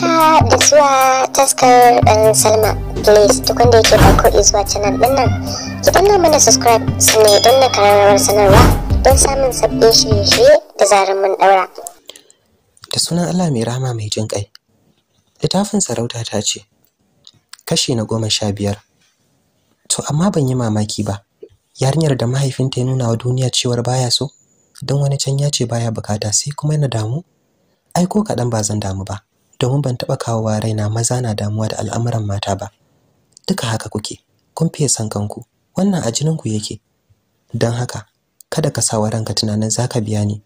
haka da zuwa taskar ɗan salma please duk wanda yake farko izuwa canal ɗin nan ki danna mana subscribe sannan don na kararrawar sanarwa don samun sabbin shirye-shirye da zarar mun ɗaura da sunan allah mai rahama mai jin ƙai littafin sarauta ta ce kashi na goma sha biyar to amma ban yi mamaki ba yarinyar da mahaifinta ya nuna wa duniya cewar baya so don wani can ya ce baya bukata sai kuma na damu ai ko kaɗan ba zan damu ba domin ban taɓa kawowa raina maza na damuwa da al'amuran mata ba duka haka kuke kun fiye san kanku wannan a jininku yake don haka kada ka sa wa ranka tunanin zaka biya ni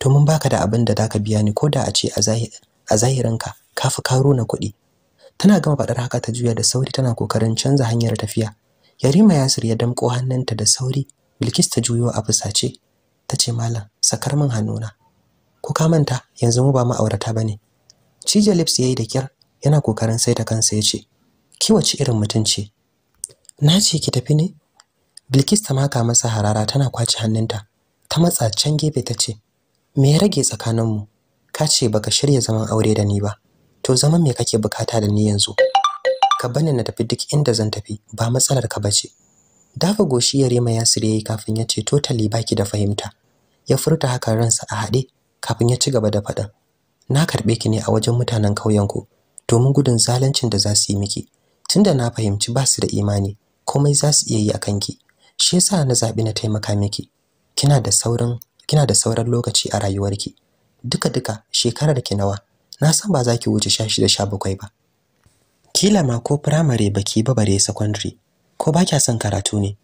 domin baka da abin da zaka biya ni ko da a ce a zahirinka ka fi karo na kuɗi tana gama faɗar haka ta juya da sauri tana kokarin canza hanyar tafiya yarima yasir ya damƙo hannunta da sauri bilkis ta juyo a fusace ta ce malam sakar min hannuna Ku ka manta yanzu mu ba ma'aurata ba ne. cije lips yayi da kyar yana kokarin saita kansa ya ce ki wace irin mutunci na ce ki tafi ne bilkis ta maka masa harara tana kwace hannunta ta matsa can gefe ta ce me ya rage tsakaninmu ka ce baka shirya zaman aure da ni ba to zaman me kake bukata da ni yanzu ka bani na tafi duk inda zan tafi ba matsalar ka bace dafa goshi ya rema ya yayi kafin ya ce totally baki da fahimta ya furta haka ransa a haɗe kafin ya ci gaba da faɗin na karɓe ki ne a wajen mutanen ƙauyenku domin gudun zaluncin da za su yi miki tunda na fahimci ba su da imani komai za su iya yi a kanki shi yasa na zaɓi na taimaka miki kina da sauran kina da sauran lokaci a rayuwarki duka duka shekarar ki nawa na san ba za ki wuce sha bakwai ba kila ma ko primary baki ba bare secondary ko ba kya son karatu ne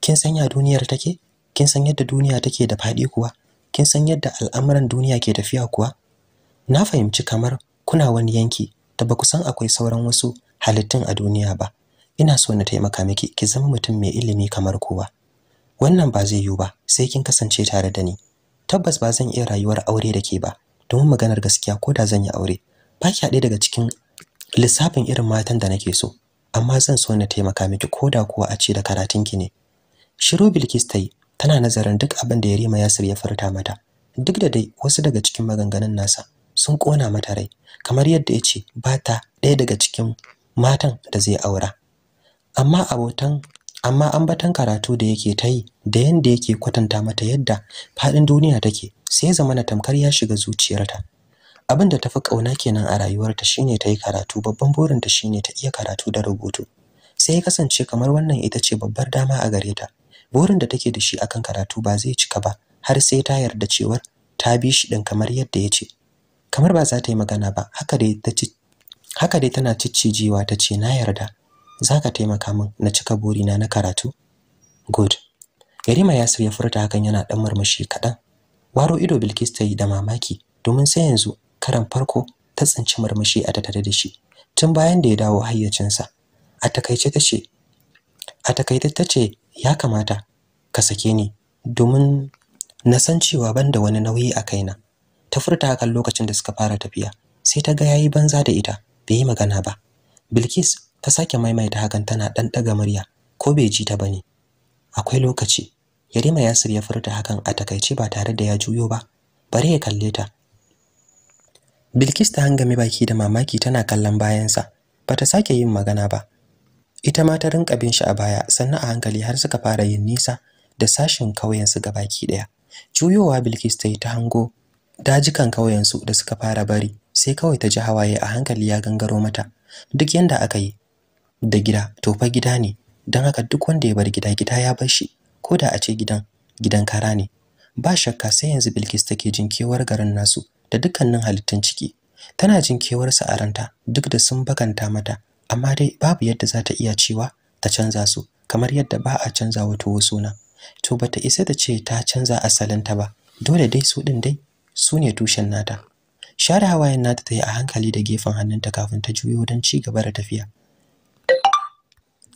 kin san ya duniyar take kin san yadda duniya take da faɗi kuwa kin san yadda al'amuran duniya ke tafiya kuwa na fahimci kamar kuna wani yanki da ba ku san akwai sauran wasu halittun a duniya ba ina so na taimaka miki ki zama mutum mai ilimi kamar kowa wannan ba zai yiwu ba sai kin kasance tare da ni tabbas ba zan iya rayuwar aure da ke ba domin maganar gaskiya ko da zan yi aure ba ki haɗe daga cikin lissafin irin matan da nake so amma zan so na taimaka miki ko da kuwa a ce da karatunki ne shiru bilkis ta yi tana nazarin duk abin da yarima yasir ya farta mata duk da dai wasu daga cikin maganganun nasa sun kona mata rai kamar yadda yace ce ba ta ɗaya daga cikin matan da zai aura amma abotan amma ambatan karatu da yake ta yi da yadda yake kwatanta mata yadda faɗin duniya take sai ya zama na tamkar ya shiga zuciyarta abin da tafi kauna kenan a rayuwarta shine ta yi karatu babban burinta shine ta iya karatu da rubutu sai ya kasance kamar wannan ita ce babbar dama a gare ta burin da take da shi akan karatu ba zai cika ba har sai ta yarda cewar ta bi shi din kamar yadda ya ce kamar ba za ta yi magana ba haka dai tana ciccijewa ta ce na yarda za ka taimaka min na cika burina na karatu good yarima ya ya furta hakan yana ɗan murmushi kaɗan waro ido bilkis ta yi da mamaki domin sai yanzu karan farko ta tsinci murmushi a tattare da shi tun bayan da ya dawo hayyacinsa a takaice ta ce a takaice ta ce ya kamata ka sake ni domin na san cewa ban da wani nauyi a kaina ta furta hakan lokacin da suka fara tafiya sai ta ga yayi banza da ita bai yi magana ba Bilkis ta sake maimaita hakan tana dan daga murya ko bai ji ta bane akwai lokaci Yarima Yasir ya furta hakan a takaice ba tare da ya juyo ba bare ya kalle ta Bilkis ta hangame baki da mamaki tana kallon bayansa bata sake yin magana ba ita ma ta rinka bin shi a baya sannan a hankali har suka fara yin nisa da sashin kauyen su gabaki daya juyowa Bilkis ta yi ta hango dajikan ƙauyensu da suka fara bari sai kawai ta ji hawaye a hankali ya gangaro mata duk yanda aka yi da gida to fa gida ne don haka duk wanda ya bar gida gida ya bar shi ko da a ce gidan gidan kara ne ba shakka sai yanzu Bilkis take jin kewar garin nasu da dukkanin halittun ciki tana jin kewar sa a ranta duk da sun bakanta mata amma dai babu yadda za ta iya cewa ta canza su kamar yadda ba a canza wato suna to bata isa ta ce ta canza asalin ta ba dole dai su din dai su ne tushen nata share hawayen nata ta yi a hankali da gefen hannunta kafin ta juyo don ci gaba da tafiya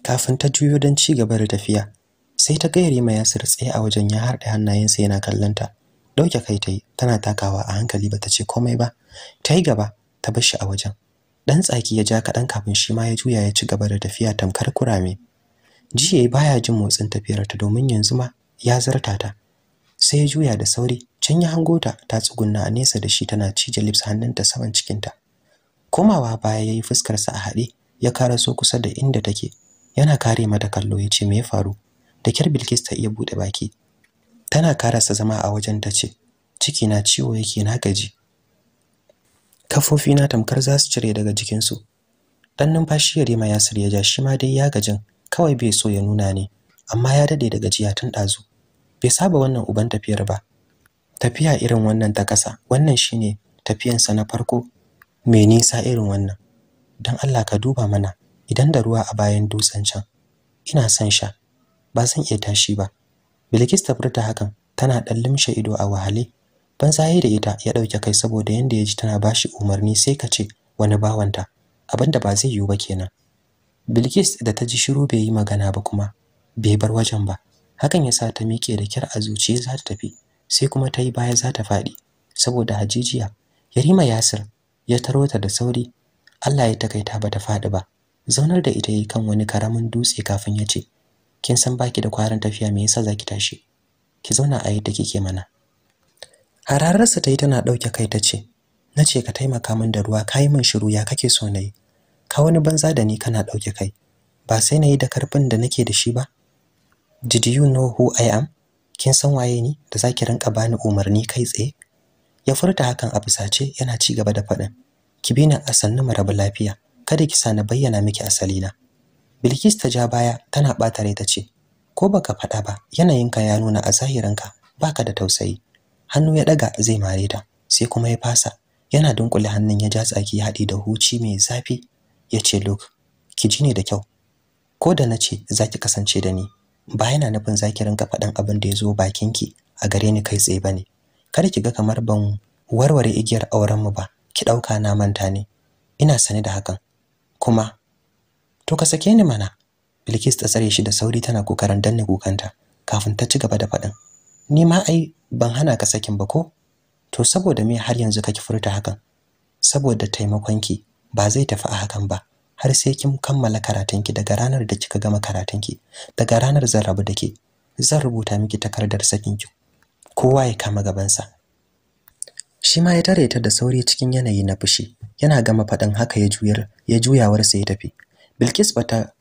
kafin ta juyo don ci gaba da tafiya sai ta gayyare ma Yasir tsaye a wajen ya harɗe hannayensa yana kallon ta dauke kai ta yi tana takawa a hankali ba ta ce komai ba ta yi gaba ta bar shi a wajen dan tsaki ya ja kaɗan kafin shi ma ya juya ya ci gaba da tafiya tamkar kurame jiya baya jin motsin tafiyarta domin yanzu ma ya zarta ta sai ya juya da sauri can hangota hango ta tsugunna a nesa da shi tana cije lips hannunta saman cikinta komawa baya yayi fuskarsa a haɗe ya so kusa da inda take yana kare mata kallo yace me ya faru da kyar Bilkis ta iya buɗe baki tana karasa zama a wajen ta ce ciki na ciwo yake na gaji kafofi na tamkar za su cire daga jikinsu dan numfashi ya rima ya ya ja shi ma dai ya gajin kawai bai so ya nuna ne amma ya dade da gajiya tun ɗazu, bai saba wannan uban tafiyar ba tafiya irin wannan ta kasa wannan shine tafiyansa na farko mai nisa irin wannan don Allah ka duba mana idan da ruwa a bayan dutsen can ina son sha ba zan iya tashi ba Bilkis ta furta hakan tana ɗan limshe ido a wahale ban zaye da ita ya ɗauke kai saboda yanda ya ji tana ba shi umarni sai ka ce wani bawanta abin da ba zai yiwu ba kenan Bilkis da ta ji shiru bai yi magana ba kuma bai bar wajen ba hakan ya sa ta miƙe da kyar a zuciya za ta tafi sai kuma ta yi baya za ta faɗi saboda hajijiya yarima yasir ya taro ta da sauri Allah ya takaita ba ta faɗi ba zaunar da ita yi kan wani karamin dutse kafin ya ce kin san baki da kwarin tafiya me yasa zaki tashi ki zauna a yadda kike mana hararsa ta yi tana ɗauke kai ta ce na ce ka taimaka min da ruwa ka yi min shiru ya kake so na yi ka wani banza da ni kana ɗauke kai ba sai na yi da karfin da nake da shi ba did you know who i am kin san waye ni da zaki rinka bani umarni kai tsaye ya furta hakan a fusace yana ci gaba da faɗin ki bi nan a sannu mu rabu lafiya kada ki sani bayyana miki asali na. Bilkis ta ja baya tana ɓata rai tace ko baka faɗa ba yanayinka ya nuna a zahirinka baka da tausayi hannu ya daga zai mare ta sai kuma ya fasa yana dunkule hannun ya ja tsaki haɗi da huci mai zafi ya ce Luke ki ji ne da kyau ko da nace zaki kasance da ni ba yana nufin zaki rinka faɗin abin da ya zo bakinki a gare ni kai tsaye bane kada ki ga kamar ban warware igiyar auren mu ba ki ɗauka na manta ne ina sane da hakan kuma to ka sake ni mana Bilkis ta tsare shi da sauri tana kokarin danne kukanta kafin ta ci gaba da faɗin ni ma ai ban hana ka sakin ba ko to saboda me har yanzu kake furta hakan saboda taimakonki ba zai tafi a hakan ba har sai kin kammala karatunki daga ranar da kika gama karatunki daga ranar zan rabu da zan rubuta miki takardar sakin sakinki kowa ya kama gabansa shi ma ya tare ta da sauri cikin yanayi na fushi yana gama faɗin haka ya juyar ya juyawarsa ya tafi bilkis bata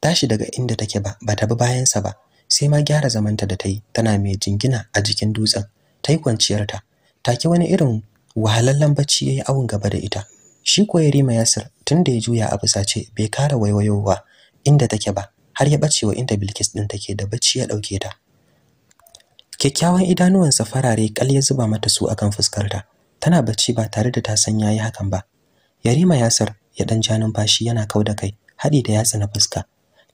tashi daga inda take ba bata bi bayansa ba sai ma gyara zamanta da ta tana mai jingina a jikin dutsen ta kwanciyar ta take wani irin wahalallan bacci ya awun gaba da ita shi ko yarima yasir da ya juya a ce bai kara waiwayowa inda take ba har ya wa inda Bilkis din take da bacci ya dauke ta kyakkyawan idanuwan sa farare kal ya zuba mata su akan fuskarta tana bacci ba tare da ta san yayi hakan ba Yarima Yasir ya dan ja numfashi yana kau da kai hadi da yatsa na fuska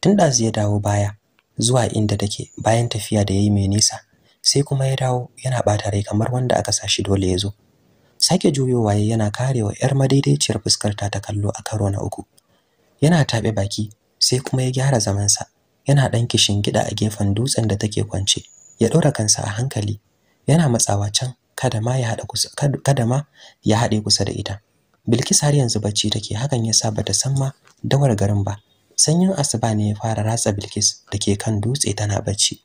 tun ɗazu ya dawo baya zuwa inda take bayan tafiya da yayi mai nisa sai kuma ya dawo yana bata rai kamar wanda aka sashi dole ya zo sake juyowa yayi yana karewa yar madaidaiciyar fuskar ta ta kallo a karo na uku yana taɓe baki sai kuma ya gyara zaman sa yana ɗan kishin gida a gefen dutsen da take kwance ya dora kansa a hankali yana matsawa can kada ma ya hada kusa kada ma ya hade kusa da ita Bilkis har yanzu bacci take hakan yasa bata san ma dawar garin ba sanyin asuba ne ya fara ratsa Bilkis ke kan dutse tana bacci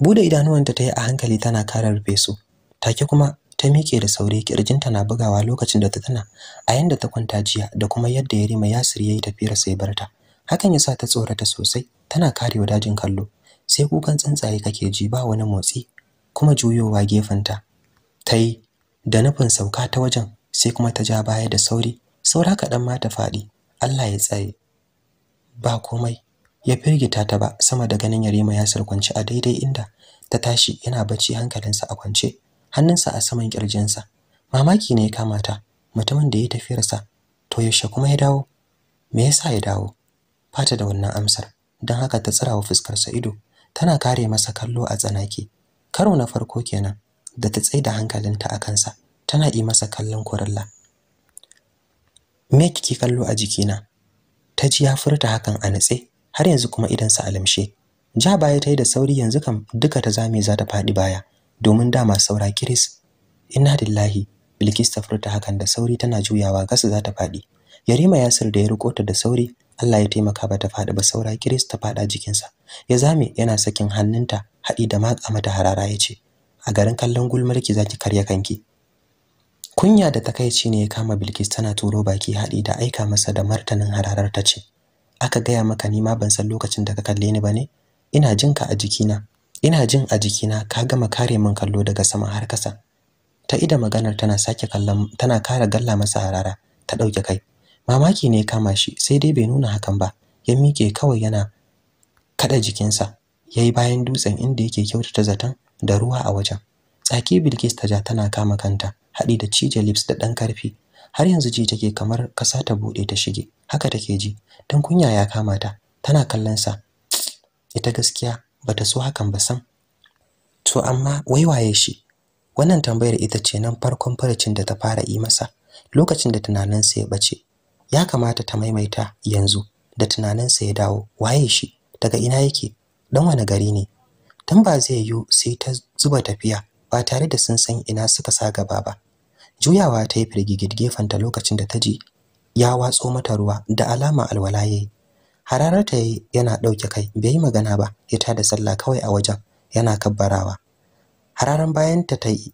bude idanuwanta ta yi a hankali tana kara rufe su take kuma ta miƙe da sauri kirjinta na bugawa lokacin da ta tana a yanda ta kwanta jiya da kuma yadda Yarima Yasir yayi tafiyar sai barta hakan yasa ta tsorata sosai tana karewa dajin kallo sai kukan tsuntsaye kake ji ba wani motsi kuma juyowa gefenta tai da nufin sauka ta wajen sai kuma ta ja baya da sauri saura kaɗan ma ta faɗi Allah ya tsaye ba komai ya firgita ta ba sama da ganin Yarima Yasir kwance a daidai inda ta tashi yana bacci hankalinsa a kwance hannunsa a saman kirjinsa mamaki ne ya kama ta mutumin da ya tafiyarsa to yaushe kuma ya dawo me yasa ya dawo fata da wannan amsar don haka ta tsirawa fuskarsa ido tana kare masa kallo a tsanaki karo na farko kenan da ta tsaida hankalinta a kansa tana yi masa kallon kurilla me kike kallo a jikina ta ji ya furta hakan a natse har yanzu kuma idansa a lamshe ja baya ta yi da sauri yanzu kam duka ta zame za ta faɗi baya domin dama saura kiris inna lillahi bilkis ta furta hakan da sauri tana juyawa gas za ta faɗi yarima yasir da ya riko ta da sauri Allah ya taimaka ba ta faɗi ba saura kiris ta faɗa sa ya zame yana sakin hannunta haɗi da maka mata harara ya ce a garin kallon gulmarki zaki karya kanki kunya da takaici ne ya kama bilkis tana turo baki haɗi da aika masa da martanin hararar ta ce aka gaya maka nima ban san lokacin da ka kalle ni ba ne ina jinka a jikina ina jin a jikina ka gama kare min kallo daga sama har kasa ta ida maganar tana sake kallon tana kara galla masa harara ta dauke kai mamaki ne kama shi sai dai bai nuna hakan ba ya mike kawai yana kada jikinsa yayi bayan dutsen inda yake kyautata zaton da ruwa a wajen tsaki Bilkis ta ja tana kama kanta haɗi da cije lips da ɗan karfi har yanzu ji take kamar kasa ta buɗe ta shige haka take ji dan kunya ya kama ta tana kallon sa ita gaskiya bata so hakan ba san to amma wai waye shi wannan tambayar ita ce nan farkon farcin da ta fara yi masa lokacin da tunanin sa ya bace ya kamata ta maimaita yanzu da tunanin sa ya dawo waye shi daga ina yake dan wani gari ne dan ba zai yiwu sai ta zuba tafiya ba tare da sun san ina suka sa gaba ba juyawa ta yi firgigid ta lokacin da ta ji ya watso mata ruwa da alama alwala yayi hararata yayi yana ɗauke kai bai yi magana ba ya tada sallah kawai a wajen yana kabbarawa hararan bayan ta yi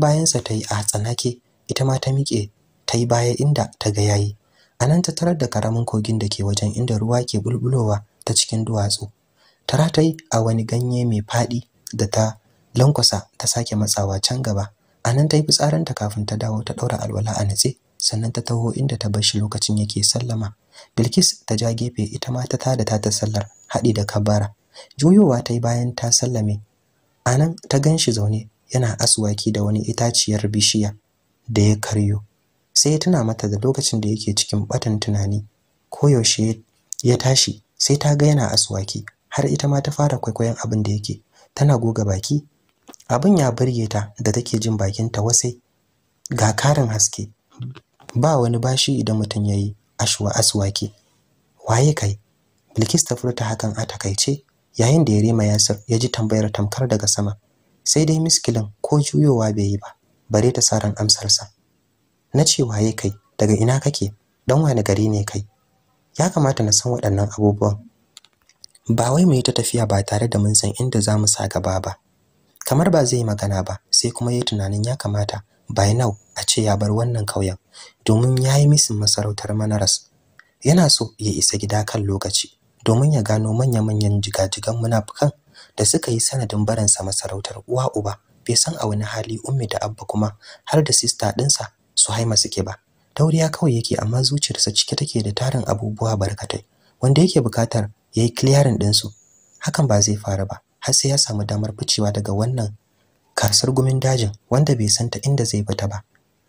bayansa tayi a tsanake ita ma ta miƙe tayi baya inda ta ga yayi anan ta tarar da karamin kogin da ke wajen inda ruwa ke bulbulowa ta cikin duwatsu tara tayi a wani ganye mai faɗi da ta lankwasa ta sake matsawa can gaba anan tayi fitsarinta kafin ta dawo ta ɗaura alwala a natse sannan ta taho inda ta bar shi lokacin yake sallama bilkis ta ja gefe ita ma ta tada ta sallar haɗi da kabara juyowa ta yi bayan ta sallame anan ta gan shi zaune yana aswaki da wani itaciyar bishiya da ya karyo sai ya tuna mata da lokacin da yake cikin batan tunani koyaushe ya tashi sai ta ga yana aswaki har ita ma ta fara kwaikwayon abin da yake tana goga baki abin ya burge ta da take jin bakinta wasai ga karin haske ba wani bashi idan mutum ya yi ashwa aswaki waye kai bilkis ta furta hakan a takaice yayin da ya rema yasir ya ji tambayar tamkar daga sama sai dai miskilin ko juyowa bai yi ba bare ta saran amsarsa na ce waye kai daga ina kake dan wani gari ne kai ya kamata na san waɗannan abubuwan ba wai mu yi ta tafiya ba tare da mun san inda za mu sa gaba ba kamar ba zai magana ba sai kuma yi tunanin ya kamata by now a ce ya bar wannan kauyen domin ya yi misin masarautar manaras yana so ya isa gida kan lokaci domin ya gano manya-manyan jigajigan munafukan da suka yi sanadin baransa masarautar uwa uba bai san a wani hali ummi da abba kuma har da sista ɗinsa su haima suke ba dauriya kawai yake amma zuciyarsa cike take da tarin abubuwa barkatai wanda yake buƙatar ya yi ɗinsu hakan ba zai faru ba har sai ya samu damar ficewa daga wannan kasar gumin dajin wanda bai san ta inda zai bata ba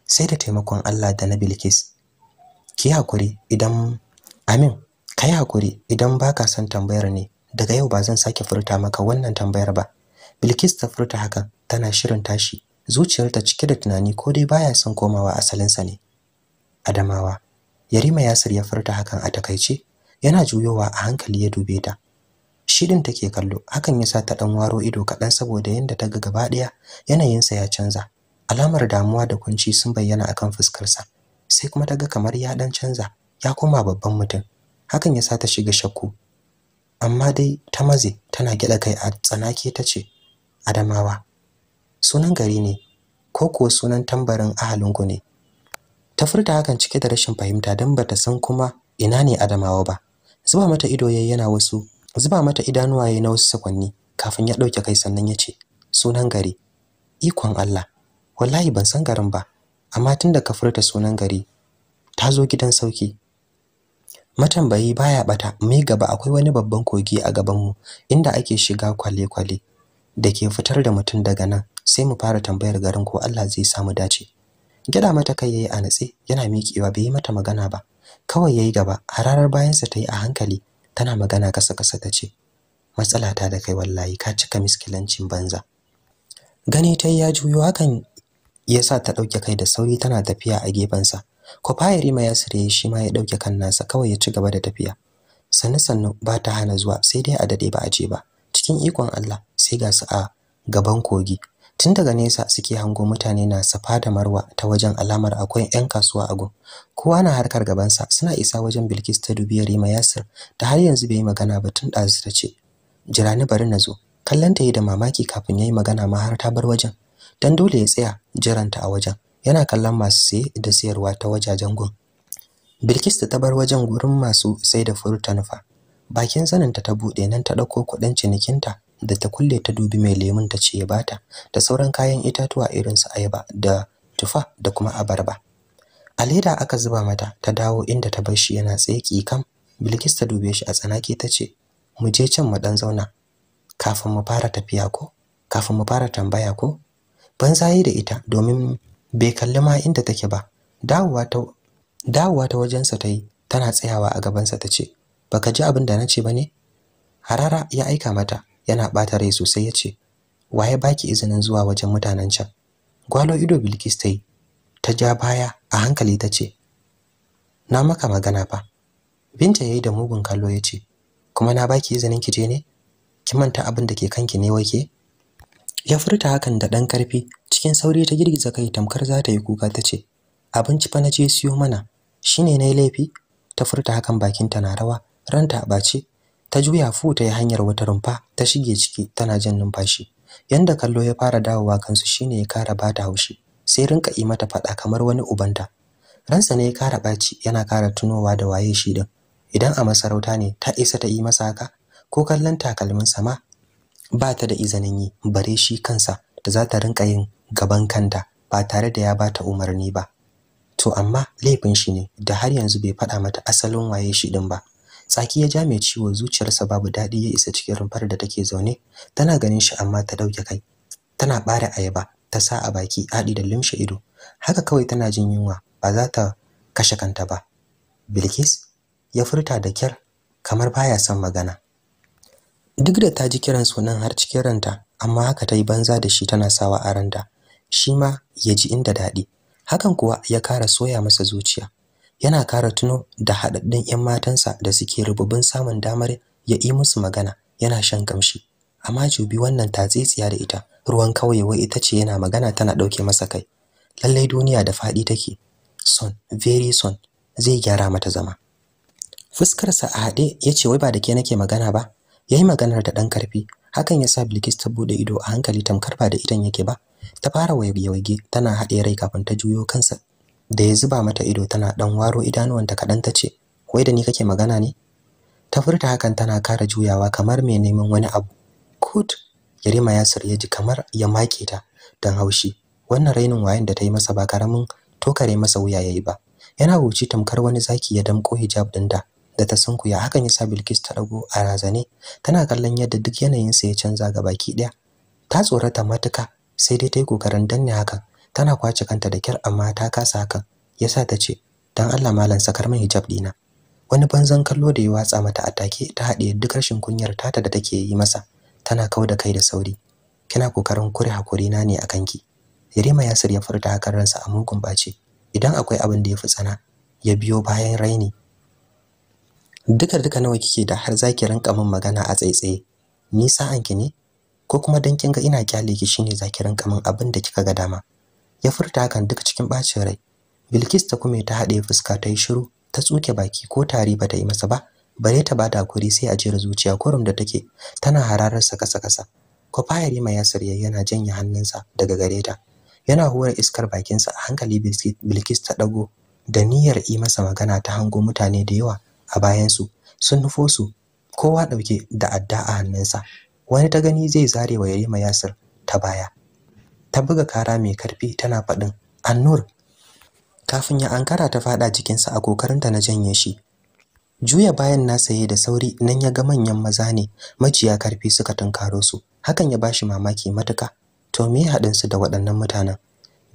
sai da taimakon Allah da na Bilkis ki hakuri idan amin kai hakuri idan baka son tambayar ne daga yau ba zan sake furta maka wannan tambayar ba Bilkis ta furta hakan tana shirin tashi zuciyarta cike da tunani ko dai baya son komawa asalinsa ne Adamawa Yarima Yasir ya furta hakan a takaice yana juyowa a hankali ya dube ta shi take kallo hakan yasa ta dan waro ido kaɗan saboda yanda ta ga gaba ɗaya sa ya canza alamar damuwa da kunci sun bayyana akan fuskarsa sai kuma ta ga kamar ya dan canza ya koma babban mutum hakan yasa ta shiga shakku amma dai ta maze tana gida kai a tsanake ta ce adamawa sunan gari ne ko ko sunan tambarin ahalinku ne ta furta hakan cike da rashin fahimta dan bata san kuma ina ne adamawa ba zuba mata ido yayyana wasu zuba mata idanuwa na wasu sakwanni kafin ya dauke kai sannan ya ce sunan gari ikon Allah wallahi ban san garin ba amma tunda ka furta sunan gari ta zo gidan sauki matambayi baya bata mai gaba akwai wani babban kogi a gaban mu inda ake shiga kwale-kwale da ke fitar da mutum daga nan sai mu fara tambayar garin ko Allah zai samu dace gida mata kai yayi a natse yana miƙewa bai yi mata magana ba kawai yayi gaba hararar bayansa ta yi a hankali tana magana kasa kasa ta ce matsala ta da kai wallahi ka cika miskilancin banza gani ta ya juyo hakan yasa ta dauke kai da sauri tana tafiya a gefensa kofayari ma ya sire shi ma ya dauke kan nasa kawai ya ci gaba da tafiya sannu sannu ba ta hana zuwa sai dai a dade ba a je ba cikin ikon Allah sai ga su a gaban kogi tun daga nesa suke hango mutane na safa da marwa ta wajen alamar akwai 'yan kasuwa a gun kowa na harkar gabansa suna isa wajen bilkis ta dubiya rima yasir da har yanzu bai yi magana ba tun ɗazu ta ce jira ni bari na zo kallon ta yi da mamaki kafin ya yi magana ma har ta bar wajen dan dole ya tsaya jiranta a wajen yana kallon masu saye da sayarwa ta wajajen gun bilkis ta bar wajen gurin masu sai da furuta nufa bakin zaninta ta buɗe nan ta ɗauko kuɗin cinikinta da ta kulle ta dubi mai lemun ta ce ya bata da sauran kayan itatuwa irin su ayaba da tufa da kuma abarba a leda aka zuba mata ta dawo inda ta bar shi yana tsaiki kam Bilkis ta dube shi a tsanake ta ce mu je can mu dan zauna kafin mu fara tafiya ko kafin mu fara tambaya ko ban zayi da ita domin bai kalli ma inda take ba dawowa ta dawowa ta wajensa ta yi tana tsayawa a gabansa ta ce baka ji abin da na ce ba ne harara ya aika mata yana bata rai sosai ya ce waye baki izinin zuwa wajen mutanen can gwalo ido bilkis ta yi ta ja baya a hankali ta ce na maka magana fa binta ya yi da mugun kallo ya ce kuma na baki izinin ki je ne ki manta abin da ke kanki ne wai ke ya furta hakan da ɗan karfi cikin sauri ta girgiza kai tamkar za ta yi kuka ta ce abinci fa na je siyo mana shine na laifi ta furta hakan bakinta na rawa ranta a bace ta juya fu ta yi hanyar wata rumfa ta shige ciki tana jin numfashi yanda kallo ya fara dawowa kansu shine ya kara bata haushi sai rinka yi mata fada kamar wani ubanta ransa ne ya kara baci yana kara tunowa da waye shi din idan a masarauta ne ta isa ta yi masa haka ko kallon takalmin sama ba ta da izinin yi bare shi kansa da za ta rinka yin gaban kanta ba tare da ya ba ta umarni ba to amma laifin shi ne da har yanzu bai faɗa mata asalin waye shi din ba tsaki ya ja mai ciwo zuciyarsa babu daɗi ya isa cikin rumfar da take zaune tana ganin shi amma ta ɗauke kai tana ɓare ayaba ta sa a baki haɗi da limshe ido haka kawai tana jin yunwa ba za ta kashe kanta ba bilkis ya furta da kyar kamar baya son magana duk da ta ji kiran sunan har cikin ranta amma haka ta yi banza da shi tana sawa a ranta shi ma ya ji inda daɗi hakan kuwa ya kara soya masa zuciya yana kara tuno da haɗaɗɗun 'yan matansa da suke rububin samun damar ya yi musu magana yana shan kamshi amma jubi wannan tatsitsiya da ita ruwan kauye wai ita ce yana magana tana ɗauke masa kai lallai duniya da faɗi take son very son zai gyara mata zama fuskarsa a haɗe ya ce wai ba da ke nake magana ba ya yi maganar da ɗan karfi hakan ya sa bilkis ta buɗe ido a hankali tamkar ba da idan yake ba ta fara waige-waige tana haɗe rai kafin ta juyo kansa da ya zuba mata ido tana dan waro idanuwanta kaɗan ta ce wai da ni kake magana ne ta furta hakan tana kara juyawa kamar mai neman wani abu kut yarima ya ya ji kamar ya make ta dan haushi wannan rainin wayan da ta yi masa ba karamin tokare masa wuya yayi ba yana huci tamkar wani zaki ya damko hijab dinta da ta sunkuya hakan yasa Bilkis ta dago a razane tana kallon yadda duk yanayinsa ya canza ga baki daya ta tsorata matuka sai dai ta yi kokarin danne hakan tana kwace kanta da kyar amma ta kasa hakan yasa ta ce dan Allah malam sakar min hijab dina wani banzan kallo da ya watsa mata a take ta haɗiye duk rashin kunyar tata da take yi masa tana kau da kai da sauri kina kokarin kure hakuri na ne akan ki Yarima Yasir ya furta hakan ransa a mugun bace idan akwai abin da ya fi tsana ya biyo bayan raini duka duka nawa kike da har zaki rinka min magana a tsaitsaye ni sa'anki ne ko kuma dan kin ga ina kyale ki shine zaki rinka min abin da kika ga dama ya furta hakan duka cikin bacin rai Bilkis ta kuma ta haɗe fuska ta yi shiru ta tsuke baki ko tari ba ta yi masa ba bare ta bada hakuri sai a jira zuciya kurum da take tana hararar sa kasa kasa kwafayar yarima yasir yayi yana janye hannunsa daga gare ta yana hura iskar bakinsa a hankali Bilkis ta dago da niyyar yi masa magana ta hango mutane da yawa a bayansu sun nufo su kowa ɗauke da adda a hannunsa wani ta gani zai zare wa Yarima Yasir ta baya ta buga kara mai karfi tana faɗin annur kafin ya ankara ta faɗa jikinsa a kokarinta na janye shi juya bayan na saye da sauri nan ya ga manyan maza ne majiya karfi suka tunkaro su hakan ya bashi mamaki matuka to me ya haɗin su da waɗannan mutanen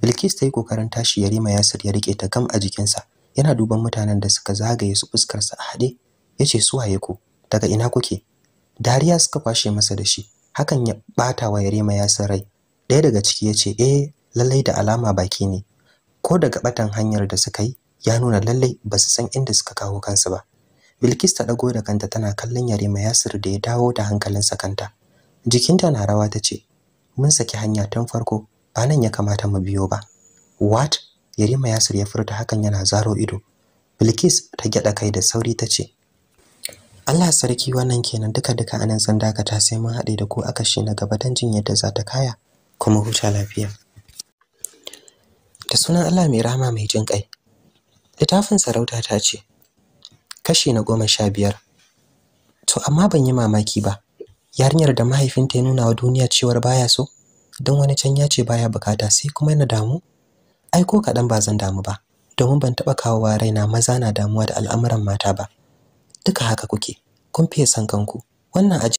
Bilkis ta yi kokarin tashi Yarima Yasir ya rike ta kam a jikinsa yana duban mutanen da suka zagaye su fuskarsa a haɗe yace su waye ku daga ina kuke dariya suka kwashe masa da shi hakan ya bata wa Yarima Yasir rai ɗaya daga ciki ya ce e, lallai da alama baki ne ko daga batan hanyar da suka yi ya nuna lallai ba su san inda suka kawo kansu ba bilkis ta ɗago da kanta tana kallon yarima yasir da ya dawo da hankalinsa kanta jikinta na rawa ta ce mun saki hanya tun farko ba nan ya kamata mu biyo ba what yarima yasir ya furta hakan yana zaro ido bilkis ta gyaɗa kai da sauri ta ce Allah sarki wannan kenan duka duka anan san dakata sai mun haɗe da ku aka shi na gaba don jin yadda za ta kaya kuma huta lafiya da sunan Allah mai rahama mai jin ƙai. littafin sarauta ta ce kashi na goma sha biyar to amma ban yi mamaki ba yarinyar da mahaifinta ya nuna wa duniya cewar baya so don wani can ya ce baya bukata sai kuma na damu ai ko kaɗan ba zan damu ba domin ban taɓa kawowa raina maza na damuwa da al'amuran mata ba duka haka kuke kun fiye san kanku wannan aji